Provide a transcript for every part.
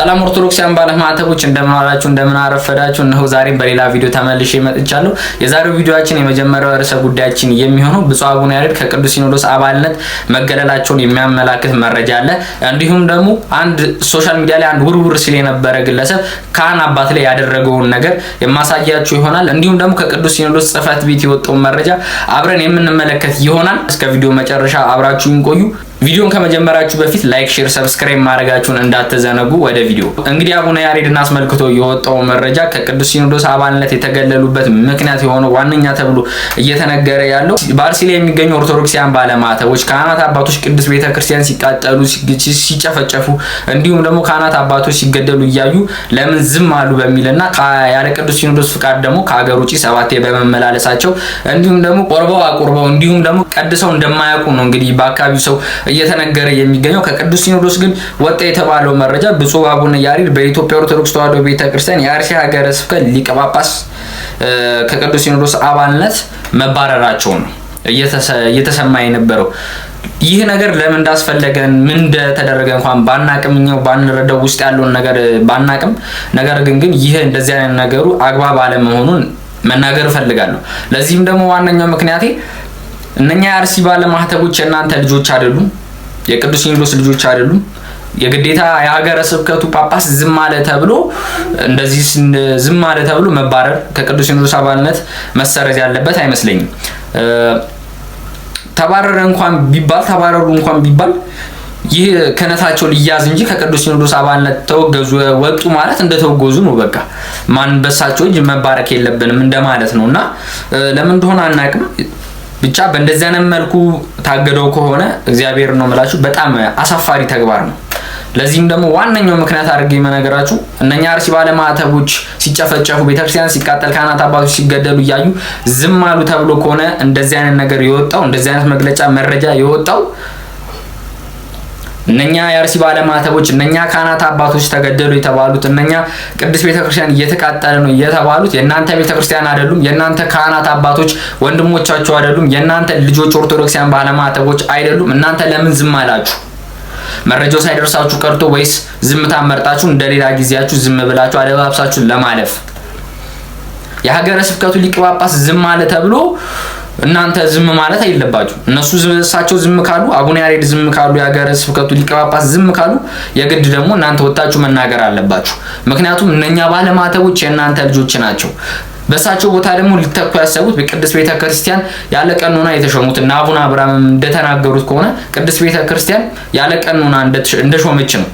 ሰላም ኦርቶዶክሳውያን ባለማዕተቦች እንደምን ዋላችሁ፣ እንደምን አረፈዳችሁ። እነሆ ዛሬ በሌላ ቪዲዮ ተመልሼ መጥቻለሁ። የዛሬው ቪዲዮአችን የመጀመሪያው ርዕሰ ጉዳያችን የሚሆነው ብፁዕ አቡነ ያሬድ ከቅዱስ ሲኖዶስ አባልነት መገለላቸውን የሚያመላክት መረጃ አለ። እንዲሁም ደግሞ አንድ ሶሻል ሚዲያ ላይ አንድ ውርውር ሲል የነበረ ግለሰብ ካህን አባት ላይ ያደረገውን ነገር የማሳያችሁ ይሆናል። እንዲሁም ደግሞ ከቅዱስ ሲኖዶስ ጽፈት ቤት የወጣውን መረጃ አብረን የምንመለከት ይሆናል። እስከ ቪዲዮ መጨረሻ አብራችሁን ቆዩ። ቪዲዮን ከመጀመራችሁ በፊት ላይክ፣ ሼር፣ ሰብስክራይብ ማድረጋችሁን እንዳትዘነጉ። ወደ ቪዲዮ እንግዲህ አቡነ ያሬድን አስመልክቶ የወጣው መረጃ ከቅዱስ ሲኖዶስ አባልነት የተገለሉበት ምክንያት የሆነው ዋነኛ ተብሎ እየተነገረ ያለው በአርሲ ላይ የሚገኙ ኦርቶዶክሲያን ባለማተቦች፣ ካህናት አባቶች ቅዱስ ቤተክርስቲያን ሲቃጠሉ፣ ሲጨፈጨፉ እንዲሁም ደግሞ ካህናት አባቶች ሲገደሉ እያዩ ለምን ዝም አሉ በሚልና ያለ ቅዱስ ሲኖዶስ ፍቃድ ደግሞ ከሀገር ውጭ ሰባቴ በመመላለሳቸው እንዲሁም ደግሞ ቆርበው አቁርበው እንዲሁም ደግሞ ቀድሰው እንደማያውቁ ነው እንግዲህ በአካባቢው ሰው እየተነገረ የሚገኘው። ከቅዱስ ሲኖዶስ ግን ወጣ የተባለው መረጃ ብፁዕ አቡነ ያሪድ በኢትዮጵያ ኦርቶዶክስ ተዋሕዶ ቤተክርስቲያን የአርሲ ሀገረ ስብከት ሊቀ ጳጳስ ከቅዱስ ሲኖዶስ አባልነት መባረራቸው ነው እየተሰማ የነበረው። ይህ ነገር ለምን እንዳስፈለገን ምን እንደተደረገ እንኳን ባናቅም እኛው ባንረዳው ውስጥ ያለውን ነገር ባናቅም፣ ነገር ግን ግን ይህ እንደዚህ አይነት ነገሩ አግባብ አለመሆኑን መናገር እፈልጋለሁ። ለዚህም ደግሞ ዋነኛው ምክንያቴ እነኛ የአርሲ ባለማህተቦች የእናንተ ልጆች አይደሉም፣ የቅዱስ ሲኖዶስ ልጆች አይደሉም። የግዴታ የሀገረ ስብከቱ ጳጳስ ዝም አለ ተብሎ እንደዚህ ዝም አለ ተብሎ መባረር ከቅዱስ ሲኖዶስ አባልነት መሰረዝ ያለበት አይመስለኝም። ተባረረ እንኳን ቢባል ተባረሩ እንኳን ቢባል ይህ ክህነታቸው ሊያዝ እንጂ ከቅዱስ ሲኖዶስ አባልነት ተወገዙ ወጡ ማለት እንደተወገዙ ነው። በቃ ማን በሳቸው እጅ መባረክ የለብንም እንደማለት ነው እና ለምን እንደሆነ አናቅም። ብቻ በእንደዚህ አይነት መልኩ ታገደው ከሆነ እግዚአብሔር ነው የምላችሁ፣ በጣም አሳፋሪ ተግባር ነው። ለዚህም ደግሞ ዋነኛው ምክንያት አድርጌ መነገራችሁ እነኛ አርሲ ባለማዕተቦች ሲጨፈጨፉ፣ ቤተክርስቲያን ሲቃጠል፣ ካህናት አባቶች ሲገደሉ እያዩ ዝም አሉ ተብሎ ከሆነ እንደዚህ አይነት ነገር የወጣው እንደዚህ አይነት መግለጫ መረጃ የወጣው እነኛ የአርሲ ባለማዕተቦች እነኛ ካህናት አባቶች ተገደሉ የተባሉት እነኛ ቅዱስ ቤተክርስቲያን እየተቃጠለ ነው የተባሉት የእናንተ ቤተክርስቲያን አይደሉም፣ የእናንተ ካህናት አባቶች ወንድሞቻችሁ አይደሉም፣ የእናንተ ልጆች ኦርቶዶክሲያን ባለማዕተቦች አይደሉም። እናንተ ለምን ዝም አላችሁ? መረጃው ሳይደርሳችሁ ቀርቶ ወይስ ዝምታ መርጣችሁ እንደሌላ ጊዜያችሁ ዝም ብላችሁ አደባብሳችሁ ለማለፍ? የሀገረ ስብከቱ ሊቀ ጳጳስ ዝም አለ ተብሎ እናንተ ዝም ማለት አይለባችሁ። እነሱ እሳቸው ዝም ካሉ፣ አቡነ ያሬድ ዝም ካሉ፣ የሀገረ ስብከቱ ሊቀ ጳጳስ ዝም ካሉ የግድ ደግሞ እናንተ ወጣችሁ መናገር አለባችሁ። ምክንያቱም እነኛ ባለማተቦች የእናንተ ልጆች ናቸው። በእሳቸው ቦታ ደግሞ ሊተኩ ያሰቡት በቅድስት ቤተ ክርስቲያን ያለ ቀኖና የተሾሙት እና አቡነ አብርሃም እንደተናገሩት ከሆነ ቅድስት ቤተ ክርስቲያን ያለ ቀኖና እንደሾመች ነው።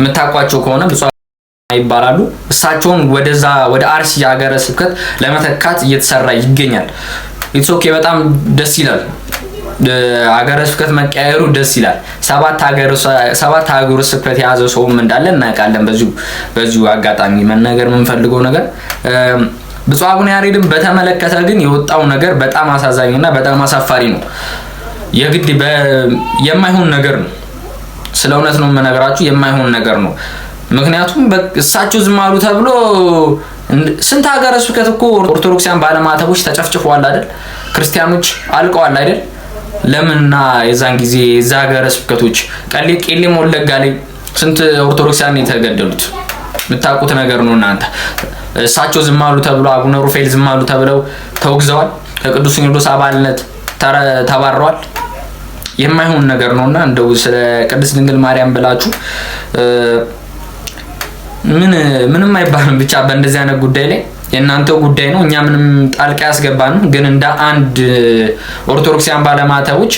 የምታውቋቸው ከሆነ ይባላሉ። እሳቸውን ወደዛ ወደ አርሲ ሀገረ ስብከት ለመተካት እየተሰራ ይገኛል። ኢትስ ኦኬ። በጣም ደስ ይላል። አገረ ስብከት መቀያየሩ ደስ ይላል። ሰባት ሀገረ ስብከት የያዘ ሰውም እንዳለ እናውቃለን። በዚሁ በዚሁ አጋጣሚ መናገር የምንፈልገው ነገር ብፁዕ አቡነ ያሬድን በተመለከተ ግን የወጣው ነገር በጣም አሳዛኝ እና በጣም አሳፋሪ ነው። የግድ የማይሆን ነገር ነው። ስለ እውነት ነው የምነግራችሁ፣ የማይሆን ነገር ነው። ምክንያቱም እሳቸው ዝም አሉ ተብሎ ስንት ሀገረ ስብከት እኮ ኦርቶዶክሲያን ባለማተቦች ተጨፍጭፈዋል አይደል? ክርስቲያኖች አልቀዋል አይደል? ለምንና የዛን ጊዜ እዛ ሀገረ ስብከቶች ቀሌ ቄለም ወለጋ ላይ ስንት ኦርቶዶክሳን የተገደሉት የምታውቁት ነገር ነው እናንተ። እሳቸው ዝም አሉ ተብለው አቡነ ሩፋኤል ዝም አሉ ተብለው ተወግዘዋል። ከቅዱስ ሲኖዶስ አባልነት ተባረዋል። የማይሆን ነገር ነውና እንደው ስለ ቅድስት ድንግል ማርያም ብላችሁ ምን ምንም አይባልም። ብቻ በእንደዚህ አይነት ጉዳይ ላይ የእናንተ ጉዳይ ነው። እኛ ምንም ጣልቃ ያስገባንም፣ ግን እንደ አንድ ኦርቶዶክሲያን ባለማተቦች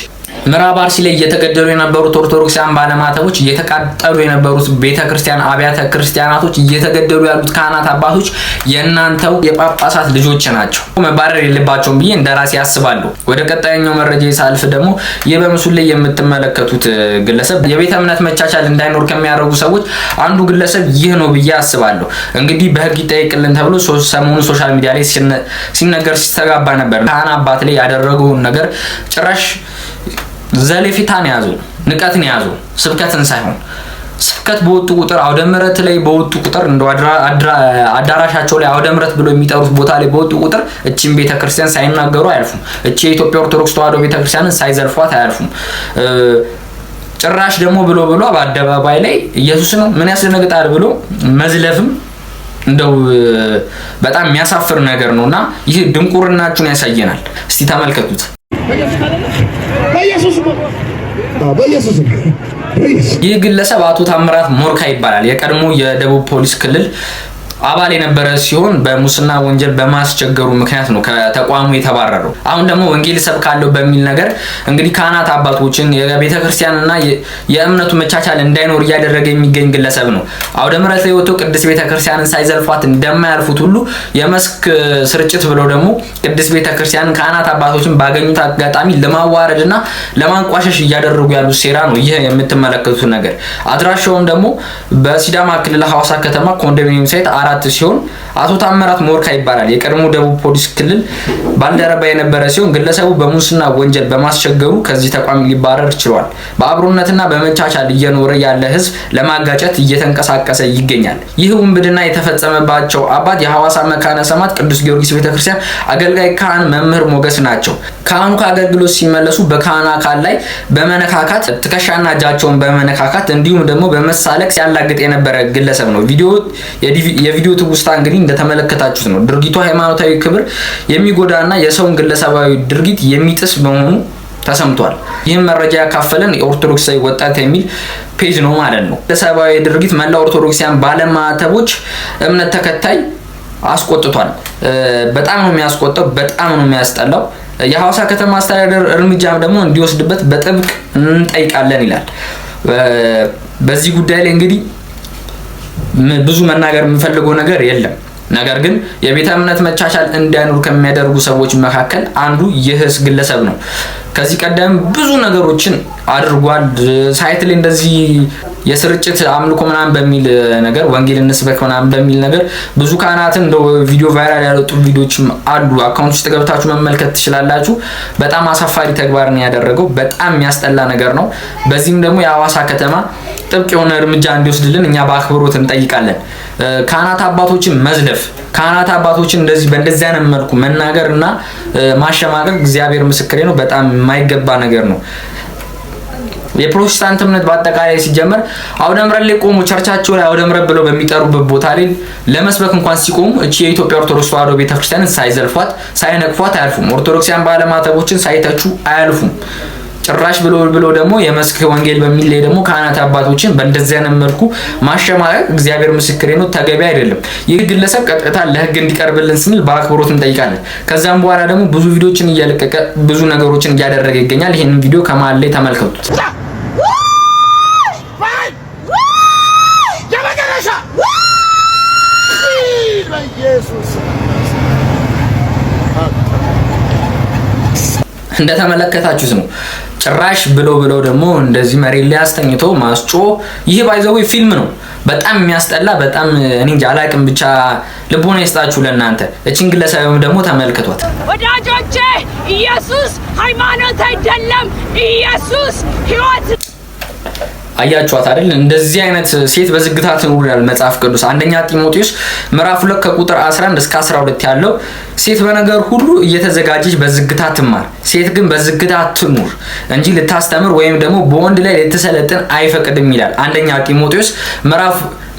ምዕራብ አርሲ ላይ እየተገደሉ የነበሩት ኦርቶዶክሳውያን ባለማተቦች፣ እየተቃጠሉ የነበሩት ቤተ ክርስቲያን አብያተ ክርስቲያናቶች፣ እየተገደሉ ያሉት ካህናት አባቶች የእናንተው የጳጳሳት ልጆች ናቸው፣ መባረር የለባቸውም ብዬ እንደራሴ ያስባሉ። ወደ ቀጣይኛው መረጃ ሳልፍ ደግሞ ይህ በምስሉ ላይ የምትመለከቱት ግለሰብ የቤተ እምነት መቻቻል እንዳይኖር ከሚያደርጉ ሰዎች አንዱ ግለሰብ ይህ ነው ብዬ አስባለሁ። እንግዲህ በህግ ይጠይቅልን ተብሎ ሰሞኑ ሶሻል ሚዲያ ላይ ሲነገር ሲስተጋባ ነበር። ካህን አባት ላይ ያደረገውን ነገር ጭራሽ ዘለፊታን ያዙ፣ ንቀትን ያዙ፣ ስብከትን ሳይሆን ስብከት በወጡ ቁጥር አውደ ምረት ላይ በወጡ ቁጥር እንደ አዳራሻቸው ላይ አውደ ምረት ብሎ የሚጠሩት ቦታ ላይ በወጡ ቁጥር እቺን ቤተክርስቲያን ሳይናገሩ አያልፉም። እቺ የኢትዮጵያ ኦርቶዶክስ ተዋሕዶ ቤተክርስቲያንን ሳይዘልፏት አያልፉም። ጭራሽ ደግሞ ብሎ ብሎ በአደባባይ ላይ ኢየሱስን ምን ያስደነግጣል ብሎ መዝለፍም እንደው በጣም የሚያሳፍር ነገር ነው እና ይህ ድንቁርናችሁን ያሳየናል። እስቲ ተመልከቱት። ይህ ግለሰብ አቶ ታምራት ሞርካ ይባላል። የቀድሞ የደቡብ ፖሊስ ክልል አባል የነበረ ሲሆን በሙስና ወንጀል በማስቸገሩ ምክንያት ነው ከተቋሙ የተባረረው። አሁን ደግሞ ወንጌል እሰብካለሁ በሚል ነገር እንግዲህ ካህናት አባቶችን የቤተ ክርስቲያንና የእምነቱ መቻቻል እንዳይኖር እያደረገ የሚገኝ ግለሰብ ነው። አውደ ምሕረት ላይ ወጥቶ ቅድስት ቤተ ክርስቲያንን ሳይዘልፏት እንደማያልፉት ሁሉ የመስክ ስርጭት ብለው ደግሞ ቅድስት ቤተ ክርስቲያንን ካህናት አባቶችን ባገኙት አጋጣሚ ለማዋረድና ለማንቋሸሽ እያደረጉ ያሉት ሴራ ነው ይህ የምትመለከቱት ነገር። አድራሻውም ደግሞ በሲዳማ ክልል ሀዋሳ ከተማ ኮንዶሚኒየም ሳይት አራት ሲሆን አቶ ታምራት ሞርካ ይባላል። የቀድሞ ደቡብ ፖሊስ ክልል ባልደረባ የነበረ ሲሆን ግለሰቡ በሙስና ወንጀል በማስቸገሩ ከዚህ ተቋም ሊባረር ችሏል። በአብሮነትና በመቻቻል እየኖረ ያለ ህዝብ ለማጋጨት እየተንቀሳቀሰ ይገኛል። ይህ ውንብድና የተፈጸመባቸው አባት የሐዋሳ መካነ ሰማት ቅዱስ ጊዮርጊስ ቤተክርስቲያን አገልጋይ ካህን መምህር ሞገስ ናቸው። ካህኑ ከአገልግሎት ሲመለሱ በካህን አካል ላይ በመነካካት ትከሻና እጃቸውን በመነካካት እንዲሁም ደግሞ በመሳለቅ ሲያላግጥ የነበረ ግለሰብ ነው። የቪዲዮ ትውስታ እንግዲህ እንደተመለከታችሁት ነው። ድርጊቱ ሃይማኖታዊ ክብር የሚጎዳና የሰውን ግለሰባዊ ድርጊት የሚጥስ በመሆኑ ተሰምቷል። ይህም መረጃ ያካፈለን የኦርቶዶክሳዊ ወጣት የሚል ፔጅ ነው ማለት ነው። ግለሰባዊ ድርጊት መላ ኦርቶዶክሲያን ባለማዕተቦች እምነት ተከታይ አስቆጥቷል። በጣም ነው የሚያስቆጠው፣ በጣም ነው የሚያስጠላው። የሐዋሳ ከተማ አስተዳደር እርምጃ ደግሞ እንዲወስድበት በጥብቅ እንጠይቃለን ይላል። በዚህ ጉዳይ ላይ እንግዲህ ብዙ መናገር የምፈልገው ነገር የለም። ነገር ግን የቤተ እምነት መቻቻል እንዳይኖር ከሚያደርጉ ሰዎች መካከል አንዱ ይህስ ግለሰብ ነው። ከዚህ ቀደም ብዙ ነገሮችን አድርጓል። ሳይት ላይ እንደዚህ የስርጭት አምልኮ ምናምን በሚል ነገር ወንጌል እንስበክ ምናምን በሚል ነገር ብዙ ካህናትን እንደ ቪዲዮ ቫይራል ያለጡ ቪዲዮችም አሉ። አካውንት ውስጥ ገብታችሁ መመልከት ትችላላችሁ። በጣም አሳፋሪ ተግባር ነው ያደረገው። በጣም የሚያስጠላ ነገር ነው። በዚህም ደግሞ የአዋሳ ከተማ ጥብቅ የሆነ እርምጃ እንዲወስድልን እኛ በአክብሮት እንጠይቃለን። ካህናት አባቶችን መዝለፍ፣ ካህናት አባቶችን እንደዚህ በእንደዚህ አይነት መልኩ መናገር እና ማሸማቀቅ እግዚአብሔር ምስክሬ ነው፣ በጣም የማይገባ ነገር ነው። የፕሮቴስታንት እምነት በአጠቃላይ ሲጀመር አውደ ላይ ቆሙ ቸርቻቸው ላይ አውደ ብለው በሚጠሩበት ቦታ ላይ ለመስበክ እንኳን ሲቆሙ እቺ የኢትዮጵያ ኦርቶዶክስ ተዋህዶ ቤተክርስቲያንን ሳይዘልፏት ሳይነቅፏት አያልፉም። ኦርቶዶክሲያን ባለማተቦችን ሳይተቹ አያልፉም። ጭራሽ ብሎ ብሎ ደግሞ የመስክ ወንጌል በሚል ላይ ደግሞ ካህናት አባቶችን በእንደዚህ አይነት መልኩ ማሸማቀቅ እግዚአብሔር ምስክሬ ነው ተገቢ አይደለም። ይህ ግለሰብ ቀጥታ ለህግ እንዲቀርብልን ስንል በአክብሮት እንጠይቃለን። ከዛም በኋላ ደግሞ ብዙ ቪዲዮችን እያለቀቀ ብዙ ነገሮችን እያደረገ ይገኛል። ይህንን ቪዲዮ ከመሀል ላይ ተመልከቱት። እንደተመለከታችሁት ነው። ጭራሽ ብሎ ብሎ ደግሞ እንደዚህ መሬት ላይ አስተኝቶ ማስጮ ይሄ ባይዘዊ ፊልም ነው። በጣም የሚያስጠላ በጣም እኔ እንጃ አላቅም። ብቻ ልቦና ይስጣችሁ ለእናንተ። እችን ግለሰብም ደግሞ ተመልክቷት፣ ወዳጆቼ ኢየሱስ ሃይማኖት አይደለም፣ ኢየሱስ ህይወት አያችኋት አይደል? እንደዚህ አይነት ሴት በዝግታ ትኑር መጽሐፍ ቅዱስ አንደኛ ጢሞቴዎስ ምዕራፍ 2 ከቁጥር 11 እስከ 12 ያለው ሴት በነገር ሁሉ እየተዘጋጀች በዝግታ ትማር፣ ሴት ግን በዝግታ ትኑር እንጂ ልታስተምር ወይም ደግሞ በወንድ ላይ ልትሰለጥን አይፈቅድም ይላል። አንደኛ ጢሞቴዎስ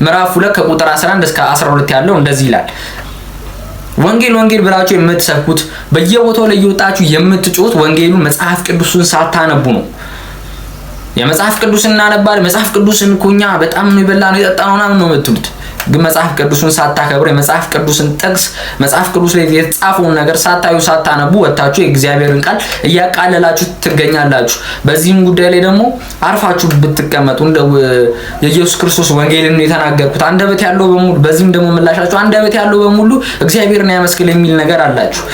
ምዕራፍ 2 ከቁጥር 11 እስከ 12 ያለው እንደዚህ ይላል። ወንጌል ወንጌል ብላችሁ የምትሰብኩት በየቦታው ላይ እየወጣችሁ የምትጮት ወንጌሉን መጽሐፍ ቅዱሱን ሳታነቡ ነው። የመጽሐፍ ቅዱስ እናነባል። መጽሐፍ ቅዱስን እኮ እኛ በጣም ነው የበላ ነው የጠጣ ነው ምናምን ነው የምትሉት ግን መጽሐፍ ቅዱስን ሳታከብሩ የመጽሐፍ ቅዱስን ጥቅስ መጽሐፍ ቅዱስ ላይ የተጻፈውን ነገር ሳታዩ ሳታነቡ ወጥታችሁ የእግዚአብሔርን ቃል እያቃለላችሁ ትገኛላችሁ። በዚህም ጉዳይ ላይ ደግሞ አርፋችሁ ብትቀመጡ እንደ የኢየሱስ ክርስቶስ ወንጌልን የተናገርኩት አንደበት ያለው በሙሉ በዚህም ደግሞ ምላሻችሁ አንደበት ያለው በሙሉ እግዚአብሔርን ያመስግል የሚል ነገር አላችሁ።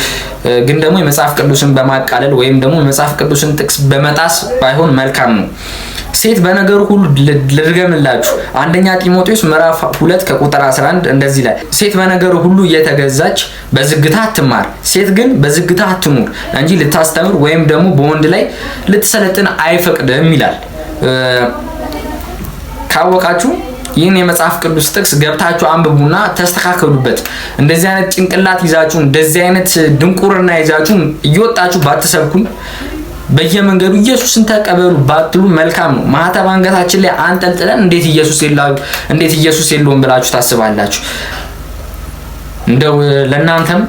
ግን ደግሞ የመጽሐፍ ቅዱስን በማቃለል ወይም ደግሞ የመጽሐፍ ቅዱስን ጥቅስ በመጣስ ባይሆን መልካም ነው። ሴት በነገሩ ሁሉ ልድገምላችሁ፣ አንደኛ ጢሞቴዎስ ምዕራፍ 2 ከቁጥር 11 እንደዚህ ላይ ሴት በነገሩ ሁሉ እየተገዛች በዝግታ አትማር፣ ሴት ግን በዝግታ አትኑር እንጂ ልታስተምር ወይም ደግሞ በወንድ ላይ ልትሰለጥን አይፈቅድም ይላል። ካወቃችሁ ይህን የመጽሐፍ ቅዱስ ጥቅስ ገብታችሁ አንብቡና ተስተካከሉበት። እንደዚህ አይነት ጭንቅላት ይዛችሁ እንደዚህ አይነት ድንቁርና ይዛችሁ እየወጣችሁ ባትሰብኩም በየመንገዱ ኢየሱስን ተቀበሉ ባትሉ መልካም ነው። ማህተብ አንገታችን ላይ አንጠልጥለን እንዴት ኢየሱስ የላሉ እንዴት ኢየሱስ የለውም ብላችሁ ታስባላችሁ? እንደው ለእናንተም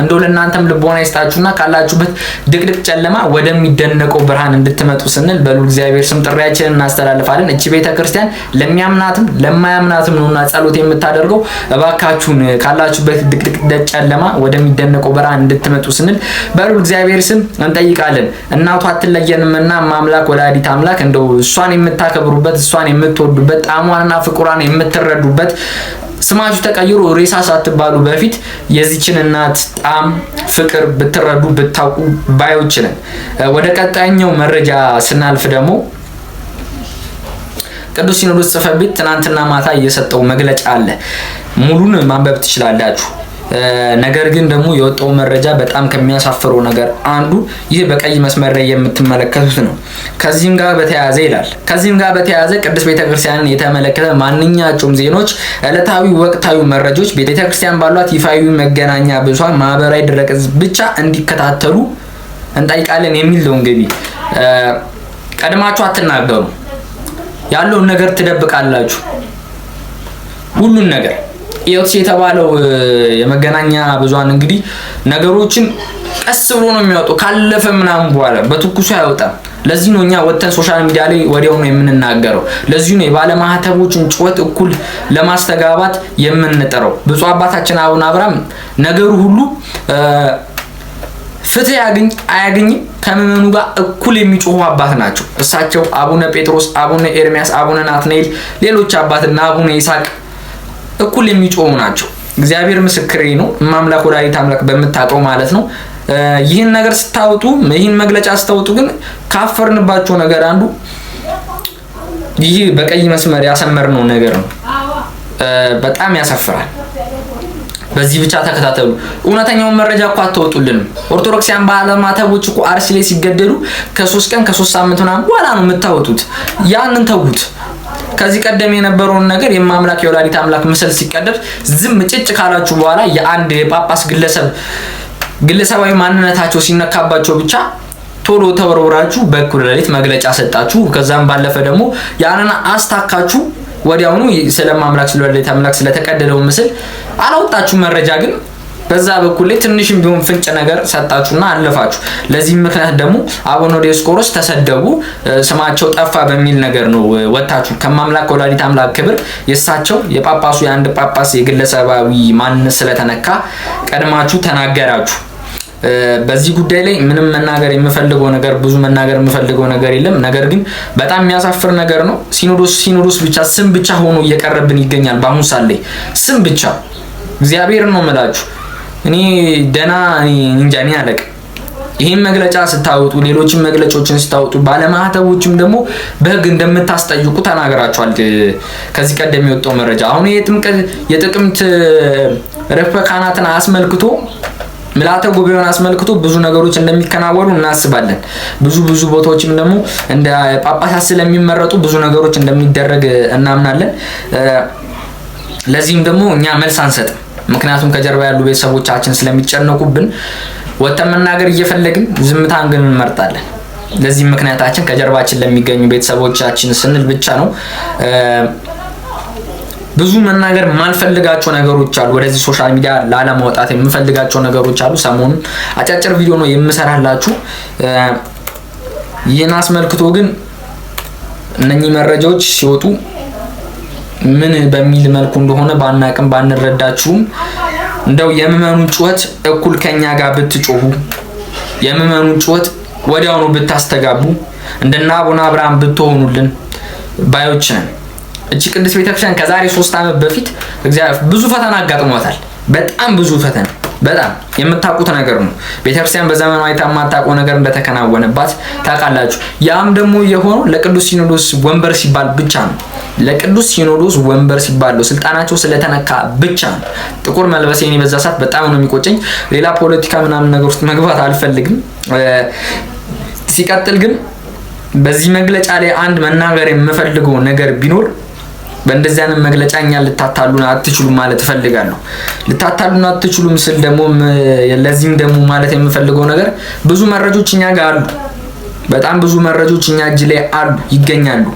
እንደው ለእናንተም ልቦና ይስጣችሁና ካላችሁበት ድቅድቅ ጨለማ ወደሚደነቀው ብርሃን እንድትመጡ ስንል በሉ እግዚአብሔር ስም ጥሪያችንን እናስተላልፋለን። እቺ ቤተ ክርስቲያን ለሚያምናትም ለማያምናትም ነውና ጸሎት የምታደርገው። እባካችሁን ካላችሁበት ድቅድቅ ጨለማ ወደሚደነቀው ብርሃን እንድትመጡ ስንል በሉ እግዚአብሔር ስም እንጠይቃለን። እናቷ አትለየንምና ማምላክ ወላዲት አምላክ እንደው እሷን የምታከብሩበት እሷን የምትወዱበት ጣዕሟንና ፍቅሯን የምትረዱበት ስማችሁ ተቀይሮ ሬሳ ሳትባሉ በፊት የዚችን እናት ጣም ፍቅር ብትረዱ ብታውቁ ባዮች ወደ ቀጣይኛው መረጃ ስናልፍ ደግሞ ቅዱስ ሲኖዶስ ጽሕፈት ቤት ትናንትና ማታ እየሰጠው መግለጫ አለ። ሙሉን ማንበብ ትችላላችሁ። ነገር ግን ደግሞ የወጣው መረጃ በጣም ከሚያሳፍረው ነገር አንዱ ይህ በቀይ መስመር ላይ የምትመለከቱት ነው። ከዚህም ጋር በተያያዘ ይላል ከዚህም ጋር በተያያዘ ቅድስት ቤተክርስቲያንን የተመለከተ ማንኛቸውም ዜኖች፣ ዕለታዊ ወቅታዊ መረጃዎች ቤተክርስቲያን ባሏት ይፋዊ መገናኛ ብዙኃን ማህበራዊ ድረገጽ ብቻ እንዲከታተሉ እንጠይቃለን የሚል ነው። እንግዲህ ቀድማችሁ አትናገሩ፣ ያለውን ነገር ትደብቃላችሁ፣ ሁሉን ነገር ኢኦቲሲ የተባለው የመገናኛ ብዙሃን እንግዲህ ነገሮችን ቀስ ብሎ ነው የሚያወጡ ካለፈ ምናምን በኋላ በትኩሱ አያወጣም። ለዚህ ነው እኛ ወጥተን ሶሻል ሚዲያ ላይ ወዲያው ነው የምንናገረው። ለዚህ ነው የባለማህተቦችን ጩኸት እኩል ለማስተጋባት የምንጥረው። ብፁዕ አባታችን አቡነ አብርሃም ነገሩ ሁሉ ፍትህ ያገኝ አያገኝም ከምዕመኑ ጋር እኩል የሚጮሁ አባት ናቸው። እሳቸው አቡነ ጴጥሮስ፣ አቡነ ኤርሚያስ፣ አቡነ ናትናኤል ሌሎች አባትና አቡነ ይስሐቅ እኩል የሚጮሙ ናቸው። እግዚአብሔር ምስክሬ ነው። ማምላክ ወላዲተ አምላክ በምታውቀው ማለት ነው። ይህን ነገር ስታወጡ፣ ይህን መግለጫ ስታወጡ ግን ካፈርንባቸው ነገር አንዱ ይህ በቀይ መስመር ያሰመርነው ነገር ነው። በጣም ያሳፍራል። በዚህ ብቻ ተከታተሉ። እውነተኛውን መረጃ እኮ አትወጡልንም። ኦርቶዶክሲያን ባለማተቦች እኮ አርሲ ላይ ሲገደሉ ከሶስት ቀን ከሶስት ሳምንት ምናምን በኋላ ነው የምታወጡት። ያንን ተዉት። ከዚህ ቀደም የነበረውን ነገር የማምላክ የወላዲት አምላክ ምስል ሲቀደስ ዝም ጭጭ ካላችሁ በኋላ የአንድ የጳጳስ ግለሰብ ግለሰባዊ ማንነታቸው ሲነካባቸው ብቻ ቶሎ ተወርውራችሁ በእኩለ ሌሊት መግለጫ ሰጣችሁ። ከዛም ባለፈ ደግሞ ያንን አስታካችሁ ወዲያውኑ ስለማምላክ ስለወለደት አምላክ ስለተቀደደው ምስል አላወጣችሁ መረጃ ግን በዛ በኩል ላይ ትንሽም ቢሆን ፍንጭ ነገር ሰጣችሁና አለፋችሁ። ለዚህም ምክንያት ደግሞ አቡነ ዲዮስቆሮስ ተሰደቡ፣ ስማቸው ጠፋ በሚል ነገር ነው ወጣችሁ ከማምላክ ወላዲት አምላክ ክብር የእሳቸው የጳጳሱ የአንድ ጳጳስ የግለሰባዊ ማንነት ስለተነካ ቀድማችሁ ተናገራችሁ። በዚህ ጉዳይ ላይ ምንም መናገር የምፈልገው ነገር ብዙ መናገር የምፈልገው ነገር የለም። ነገር ግን በጣም የሚያሳፍር ነገር ነው። ሲኖዶስ ሲኖዶስ ብቻ ስም ብቻ ሆኖ እየቀረብን ይገኛል። በአሁን ሳት ላይ ስም ብቻ እግዚአብሔር ነው የምላችሁ። እኔ ደና እንጃ እኔ አለቅ ይህን መግለጫ ስታወጡ ሌሎችን መግለጫዎችን ስታወጡ ባለማህተቦችም ደግሞ በህግ እንደምታስጠይቁ ተናግራችኋል። ከዚህ ቀደም የወጣው መረጃ አሁን የጥምቀት የጥቅምት ረፈ ካህናትን አስመልክቶ ምላተ ጉባኤውን አስመልክቶ ብዙ ነገሮች እንደሚከናወኑ እናስባለን። ብዙ ብዙ ቦታዎችም ደግሞ እንደ ጳጳሳት ስለሚመረጡ ብዙ ነገሮች እንደሚደረግ እናምናለን። ለዚህም ደግሞ እኛ መልስ አንሰጥም። ምክንያቱም ከጀርባ ያሉ ቤተሰቦቻችን ስለሚጨነቁብን ወጥተን መናገር እየፈለግን ዝምታን ግን እንመርጣለን። ለዚህም ምክንያታችን ከጀርባችን ለሚገኙ ቤተሰቦቻችን ስንል ብቻ ነው። ብዙ መናገር የማልፈልጋቸው ነገሮች አሉ። ወደዚህ ሶሻል ሚዲያ ላለማውጣት የምፈልጋቸው ነገሮች አሉ። ሰሞኑን አጫጭር ቪዲዮ ነው የምሰራላችሁ። ይህን አስመልክቶ ግን እነኚህ መረጃዎች ሲወጡ ምን በሚል መልኩ እንደሆነ ባናቅም ባንረዳችሁም እንደው የምመኑን ጩኸት እኩል ከኛ ጋር ብትጮሁ የምመኑን ጩኸት ወዲያውኑ ብታስተጋቡ እንደና አቡነ አብርሃም ብትሆኑልን ባዮች ነን። እቺ ቅድስት ቤተክርስቲያን ከዛሬ ሶስት ዓመት በፊት ብዙ ፈተና አጋጥሟታል። በጣም ብዙ ፈተና በጣም የምታውቁት ነገር ነው። ቤተክርስቲያን በዘመኗ የማታውቀው ነገር እንደተከናወነባት ታውቃላችሁ። ያም ደግሞ የሆነው ለቅዱስ ሲኖዶስ ወንበር ሲባል ብቻ ነው። ለቅዱስ ሲኖዶስ ወንበር ሲባል ነው፣ ስልጣናቸው ስለተነካ ብቻ ነው። ጥቁር መልበሴ እኔ በዛ ሰዓት በጣም ነው የሚቆጨኝ። ሌላ ፖለቲካ ምናምን ነገር ውስጥ መግባት አልፈልግም። ሲቀጥል ግን በዚህ መግለጫ ላይ አንድ መናገር የምፈልገው ነገር ቢኖር በእንደዚህ አይነት መግለጫ እኛ ልታታሉን አትችሉም ማለት እፈልጋለሁ። ልታታሉን አትችሉም ስል ደግሞ ለዚህም ደግሞ ማለት የምፈልገው ነገር ብዙ መረጆች እኛ ጋር አሉ። በጣም ብዙ መረጆች እኛ እጅ ላይ አሉ ይገኛሉ።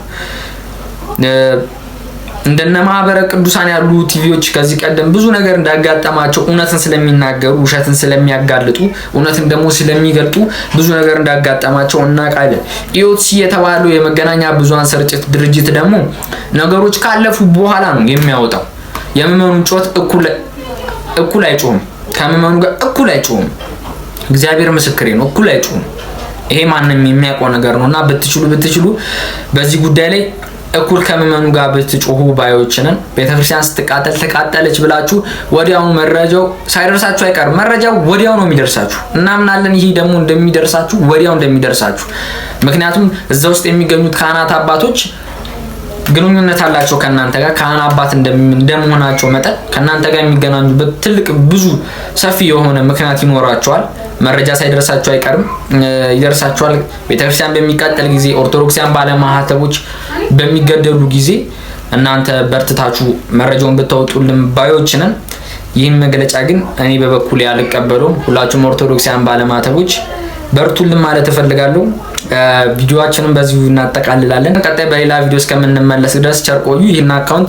እንደነ ማህበረ ቅዱሳን ያሉ ቲቪዎች ከዚህ ቀደም ብዙ ነገር እንዳጋጠማቸው እውነትን ስለሚናገሩ ውሸትን ስለሚያጋልጡ እውነትን ደግሞ ስለሚገልጡ ብዙ ነገር እንዳጋጠማቸው እናውቃለን። ኢኦቲሲ የተባለው የመገናኛ ብዙሃን ስርጭት ድርጅት ደግሞ ነገሮች ካለፉ በኋላ ነው የሚያወጣው። የምዕመኑን ጩኸት እኩል አይጮህም፣ ከምመኑ ጋር እኩል አይጮህም። እግዚአብሔር ምስክሬ ነው፣ እኩል አይጮህም። ይሄ ማንም የሚያውቀው ነገር ነው እና ብትችሉ ብትችሉ በዚህ ጉዳይ ላይ እኩል ከምዕመኑ ጋር ብትጮሁ ባዮችንን ቤተክርስቲያን ስትቃጠል ተቃጠለች ብላችሁ ወዲያውኑ መረጃው ሳይደርሳችሁ አይቀርም። መረጃው ወዲያው ነው የሚደርሳችሁ። እናምናለን። ይህ ደግሞ እንደሚደርሳችሁ ወዲያው እንደሚደርሳችሁ፣ ምክንያቱም እዛ ውስጥ የሚገኙት ካህናት አባቶች ግንኙነት አላቸው ከእናንተ ጋር። ካህን አባት እንደመሆናቸው መጠን ከእናንተ ጋር የሚገናኙበት ትልቅ ብዙ ሰፊ የሆነ ምክንያት ይኖራቸዋል። መረጃ ሳይደርሳቸው አይቀርም፣ ይደርሳቸዋል ቤተክርስቲያን በሚቃጠል ጊዜ፣ ኦርቶዶክሲያን ባለማህተቦች በሚገደሉ ጊዜ እናንተ በርትታችሁ መረጃውን ብታወጡልን ባዮች ነን። ይህን መግለጫ ግን እኔ በበኩል አልቀበለውም። ሁላችሁም ኦርቶዶክሲያን ባለማህተቦች በርቱልን ማለት እፈልጋለሁ። ቪዲዮችንም በዚሁ እናጠቃልላለን። ቀጣይ በሌላ ቪዲዮ እስከምንመለስ ድረስ ቸርቆዩ ይህን አካውንት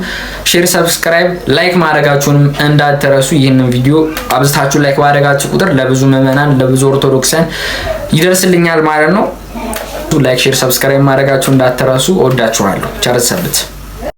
ሼር፣ ሰብስክራይብ፣ ላይክ ማድረጋችሁንም እንዳትረሱ። ይህንን ቪዲዮ አብዝታችሁ ላይክ ማድረጋችሁ ቁጥር ለብዙ ምዕመናን ለብዙ ኦርቶዶክሳን ይደርስልኛል ማለት ነው። ላይክ፣ ሼር፣ ሰብስክራይብ ማድረጋችሁ እንዳትረሱ። ወዳችኋለሁ። ቸር ሰንብቱ።